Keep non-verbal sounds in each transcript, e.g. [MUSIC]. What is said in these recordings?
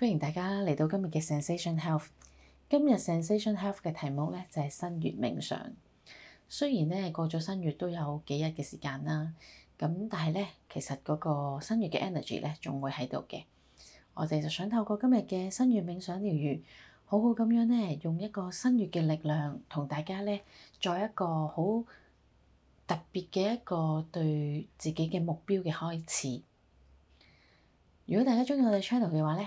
歡迎大家嚟到今日嘅 Sensation Health。今日 Sensation Health 嘅題目咧就係新月冥想。雖然咧過咗新月都有幾日嘅時間啦，咁但係咧其實嗰個新月嘅 energy 咧仲會喺度嘅。我哋就想透過今日嘅新月冥想療癒，好好咁樣咧用一個新月嘅力量，同大家咧作一個好特別嘅一個對自己嘅目標嘅開始。如果大家鍾意我哋 channel 嘅話咧，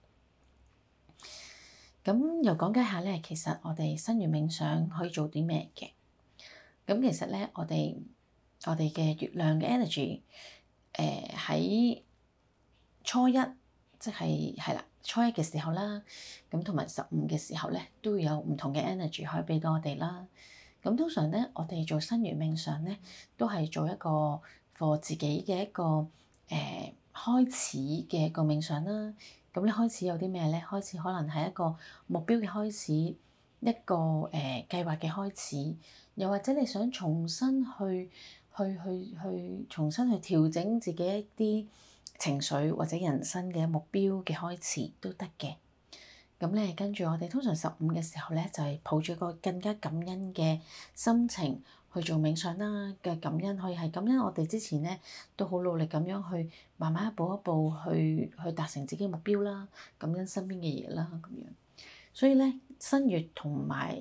咁又講解下咧，其實我哋新月冥想可以做啲咩嘅？咁其實咧，我哋我哋嘅月亮嘅 energy，誒、呃、喺初一，即係係啦，初一嘅時候啦，咁同埋十五嘅時候咧，都有唔同嘅 energy 可以俾到我哋啦。咁通常咧，我哋做新月冥想咧，都係做一個 for 自己嘅一個誒、呃、開始嘅個冥想啦。咁你開始有啲咩咧？開始可能係一個目標嘅開始，一個誒、呃、計劃嘅開始，又或者你想重新去去去去重新去調整自己一啲情緒或者人生嘅目標嘅開始都得嘅。咁咧，跟住我哋通常十五嘅時候咧，就係抱住個更加感恩嘅心情去做冥想啦。嘅感恩可以係感恩我哋之前咧都好努力咁樣去慢慢一步一步去去達成自己目標啦，感恩身邊嘅嘢啦咁樣。所以咧，新月同埋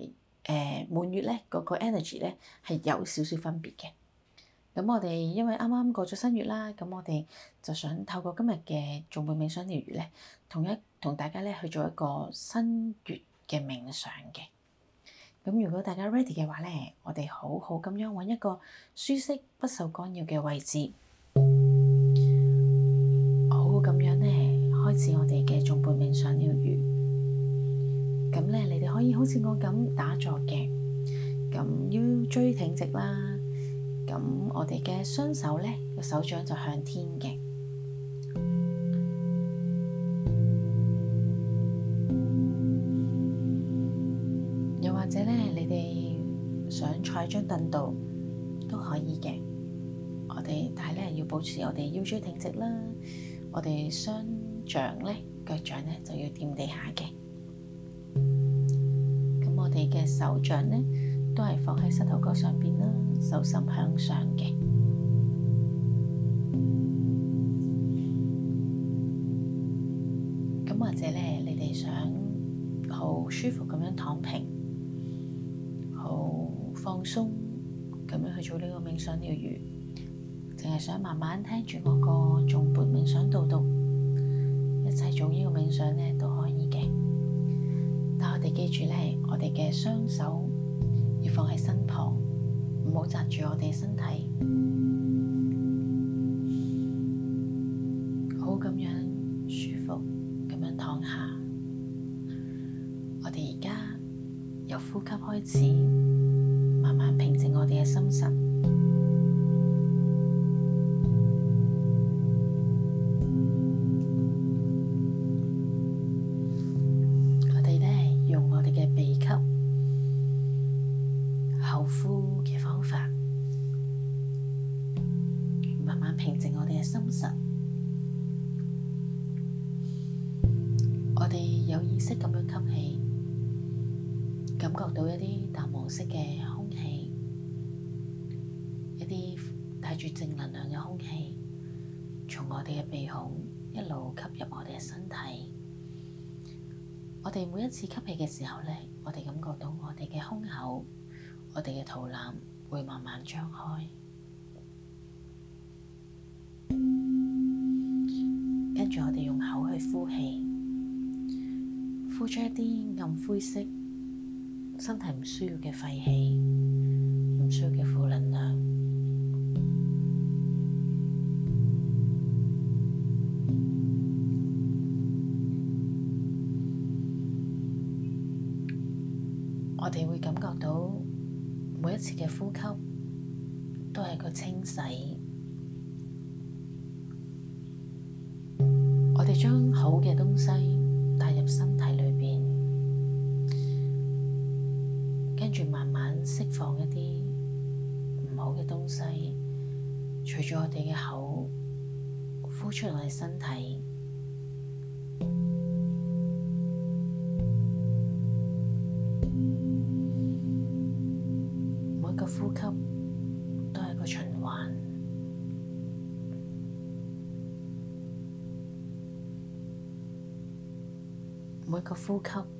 誒滿月咧，個個 energy 咧係有少少分別嘅。咁我哋因為啱啱過咗新月啦，咁我哋就想透過今日嘅頌缽冥想療癒咧，同一同大家咧去做一個新月嘅冥想嘅。咁如果大家 ready 嘅話咧，我哋好好咁樣揾一個舒適不受干擾嘅位置，好好咁樣咧開始我哋嘅頌缽冥想療癒。咁咧，你哋可以好似我咁打坐嘅，咁腰椎挺直啦。咁我哋嘅雙手咧，個手掌就向天嘅；又或者咧，你哋想坐喺張凳度都可以嘅。我哋但係咧要保持我哋腰椎挺直啦，我哋雙掌咧、腳掌咧就要掂地下嘅。咁我哋嘅手掌咧都係放喺膝頭哥上邊啦。手心向上嘅，咁或者咧，你哋想好舒服咁樣躺平，好放鬆咁樣去做呢個冥想療愈，淨係想慢慢聽住我個誦缽冥想導讀，一齊做呢個冥想咧都可以嘅。但係我哋記住咧，我哋嘅雙手要放喺身旁。唔好紮住我哋身體，好咁樣舒服咁樣躺下。我哋而家由呼吸開始。我哋有意識咁樣吸氣，感覺到一啲淡黃色嘅空氣，一啲帶住正能量嘅空氣，從我哋嘅鼻孔一路吸入我哋嘅身體。我哋每一次吸氣嘅時候咧，我哋感覺到我哋嘅胸口、我哋嘅肚腩會慢慢張開，跟住我哋用口去呼氣。呼出一啲暗灰色、身體唔需要嘅廢氣、唔需要嘅負能量， [NOISE] 我哋會感覺到每一次嘅呼吸都係一個清洗。我哋將好嘅東西，身體，每個呼吸都係個循環，每個呼吸。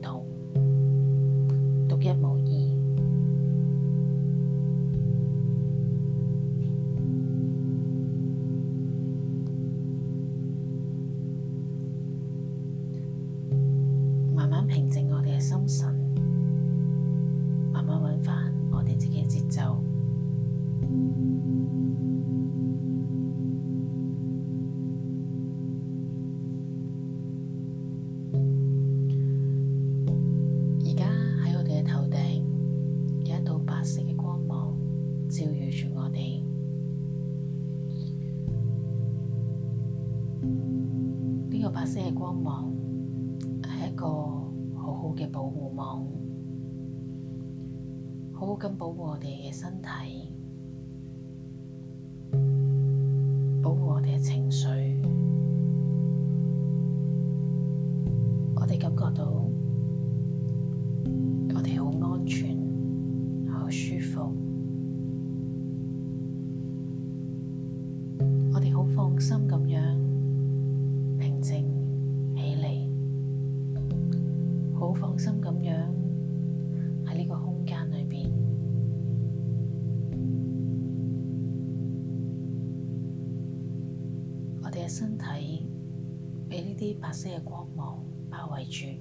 色嘅光芒包圍住。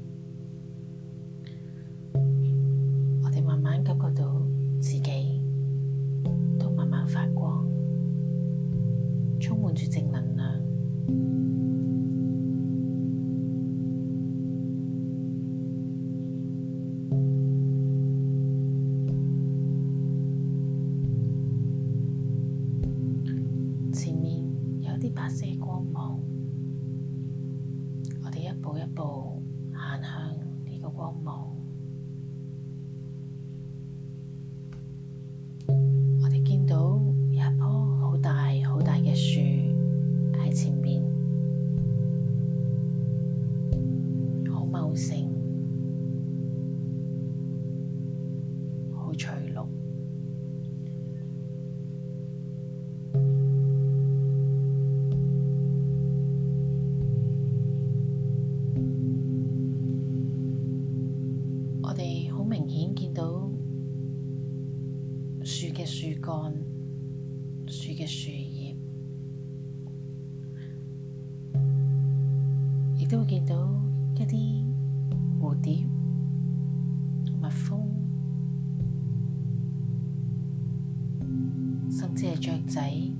乾樹嘅樹葉，亦都會見到一啲蝴蝶、蜜蜂，甚至係雀仔。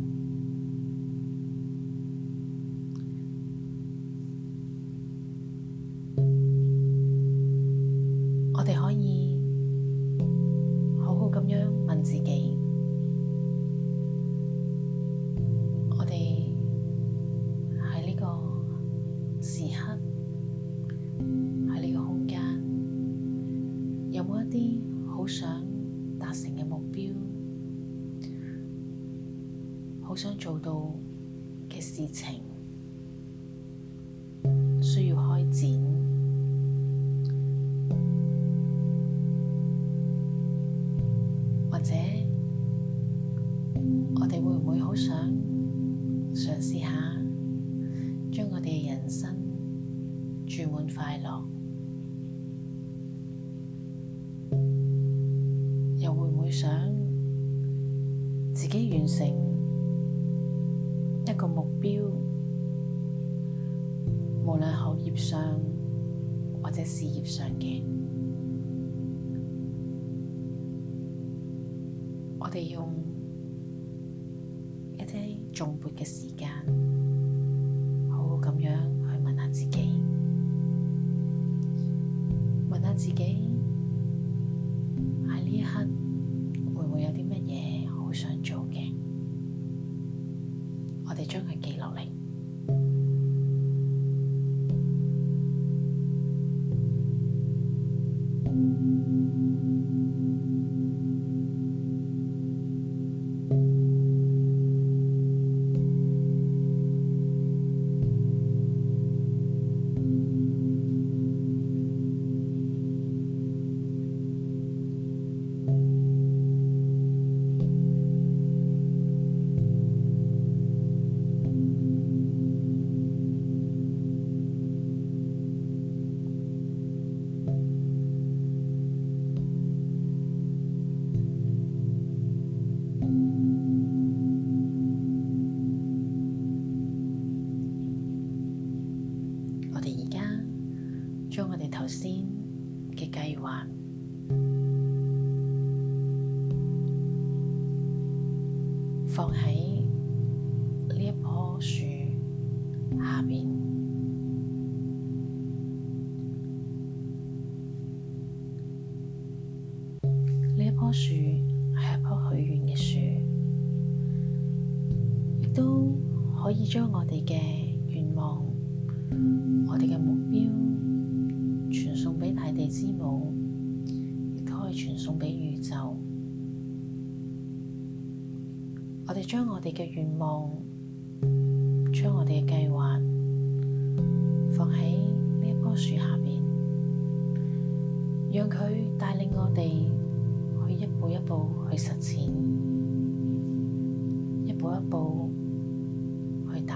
想嘗試下將我哋嘅人生注滿快樂，又會唔會想自己完成一個目標，無論學業上或者事業上嘅，我哋用。頌缽嘅時間，好好咁樣去問下自己，問下自己。可以將我哋嘅願望、我哋嘅目標，傳送畀大地之母，亦都可以傳送畀宇宙。我哋將我哋嘅願望、將我哋嘅計劃，放喺呢一棵樹下面，讓佢帶領我哋去一步一步去實踐，一步一步。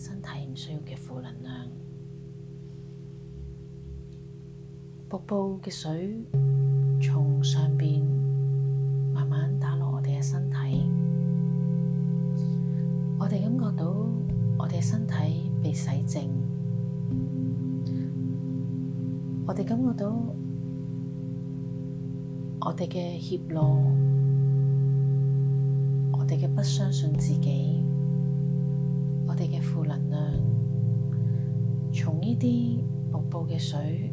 身體唔需要嘅負能量，瀑布嘅水從上邊慢慢打落我哋嘅身體，我哋感覺到我哋嘅身體被洗淨，我哋感覺到我哋嘅怯懦，我哋嘅不相信自己。我哋嘅負能量，從呢啲瀑布嘅水。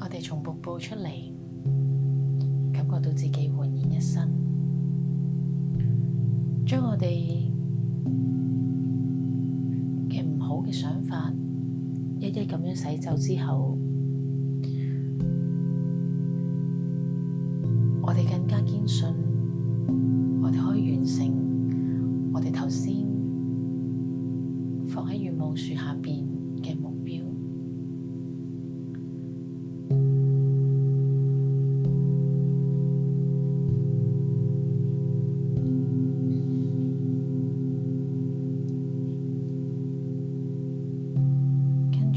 我哋從瀑布出嚟，感覺到自己煥然一新，將我哋嘅唔好嘅想法，一一咁樣洗走之後，我哋更加堅信。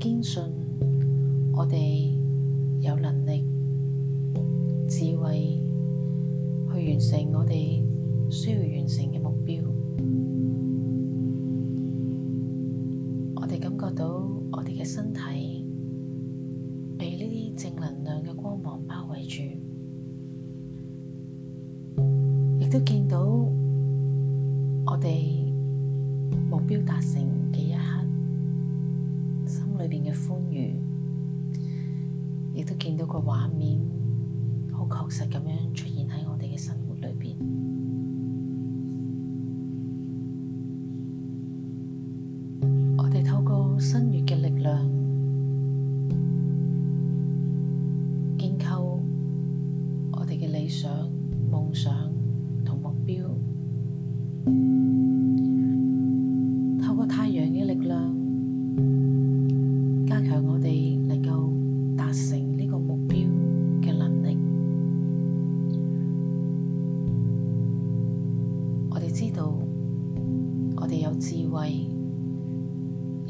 堅信我哋有能力、智慧去完成我哋需要完成嘅目標。我哋感覺到我哋嘅身體被呢啲正能量嘅光芒包圍住，亦都見到我哋目標達成嘅歡愉，亦都見到個畫面好確實咁樣出現喺我哋嘅生活裏邊。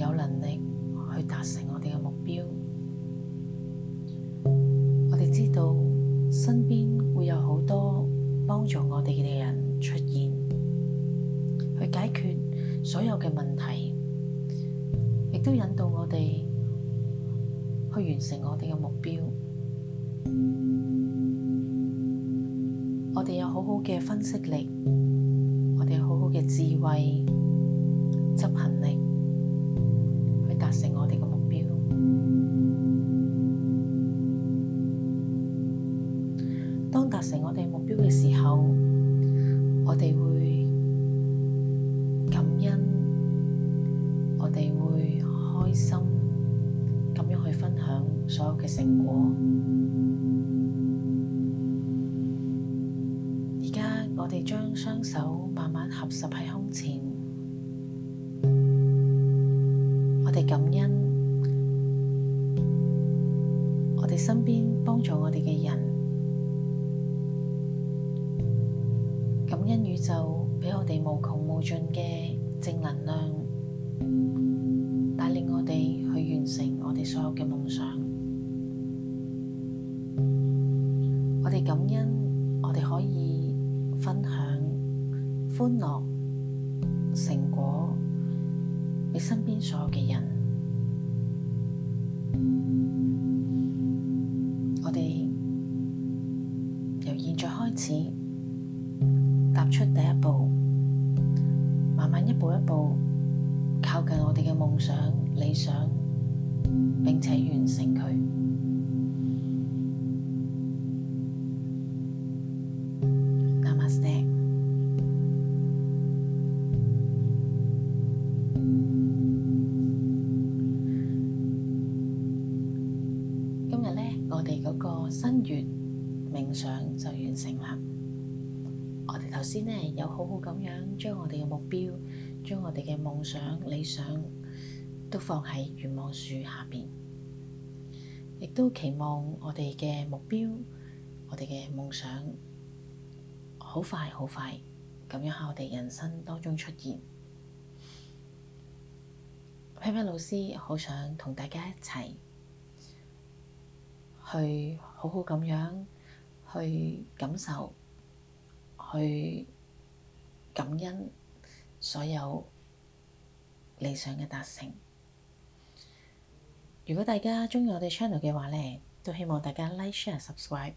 有能力去達成我哋嘅目標，我哋知道身邊會有好多幫助我哋嘅人出現，去解決所有嘅問題，亦都引導我哋去完成我哋嘅目標。我哋有好好嘅分析力，我哋有好好嘅智慧執行。成果。而家我哋將雙手慢慢合十喺胸前，我哋感恩，我哋身邊幫助我哋嘅人，感恩宇宙畀我哋無窮無盡嘅正能量。感恩我哋可以分享歡樂成果，畀身邊所有嘅人，我哋由現在開始踏出第一步，慢慢一步一步靠近我哋嘅夢想理想，並且完成佢。我哋嗰個新月冥想就完成啦！我哋頭先呢，有好好咁樣將我哋嘅目標、將我哋嘅夢想、理想都放喺願望樹下邊，亦都期望我哋嘅目標、我哋嘅夢想好快、好快咁樣喺我哋人生當中出現。p i p i 老師好想同大家一齊。去好好咁樣去感受，去感恩所有理想嘅達成。如果大家鍾意我哋 channel 嘅話咧，都希望大家 like、share、subscribe。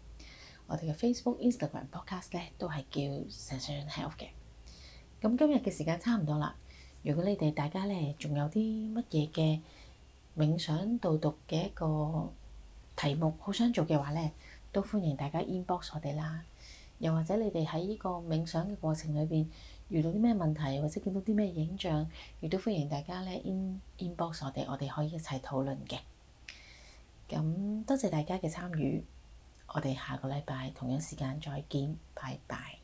我哋嘅 Facebook、Instagram、Podcast 咧都係叫 Zensation Health 嘅。咁今日嘅時間差唔多啦。如果你哋大家咧仲有啲乜嘢嘅冥想導讀嘅一個～題目好想做嘅話呢，都歡迎大家 inbox 我哋啦。又或者你哋喺呢個冥想嘅過程裏邊遇到啲咩問題，或者見到啲咩影像，亦都歡迎大家呢 inbox 我哋，我哋可以一齊討論嘅。咁多謝大家嘅參與，我哋下個禮拜同樣時間再見，拜拜。